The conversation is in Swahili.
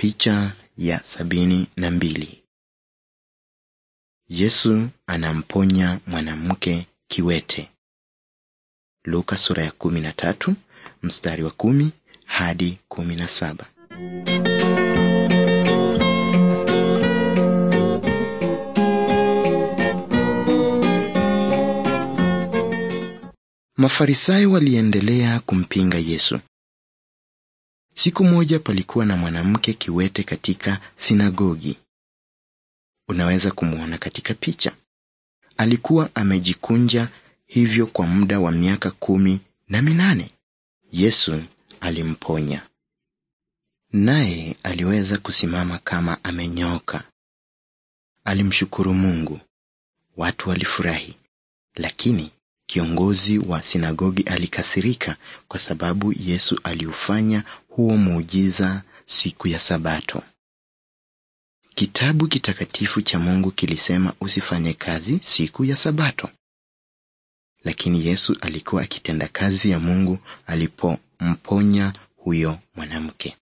Picha ya sabini na mbili. Yesu anamponya mwanamke kiwete. Luka sura ya kumi na tatu mstari wa kumi hadi kumi na saba. Mafarisayo waliendelea kumpinga Yesu Siku moja palikuwa na mwanamke kiwete katika sinagogi. Unaweza kumwona katika picha. Alikuwa amejikunja hivyo kwa muda wa miaka kumi na minane. Yesu alimponya, naye aliweza kusimama kama amenyoka. Alimshukuru Mungu. Watu walifurahi, lakini Kiongozi wa sinagogi alikasirika kwa sababu Yesu aliufanya huo muujiza siku ya Sabato. Kitabu kitakatifu cha Mungu kilisema usifanye kazi siku ya Sabato. Lakini Yesu alikuwa akitenda kazi ya Mungu alipomponya huyo mwanamke.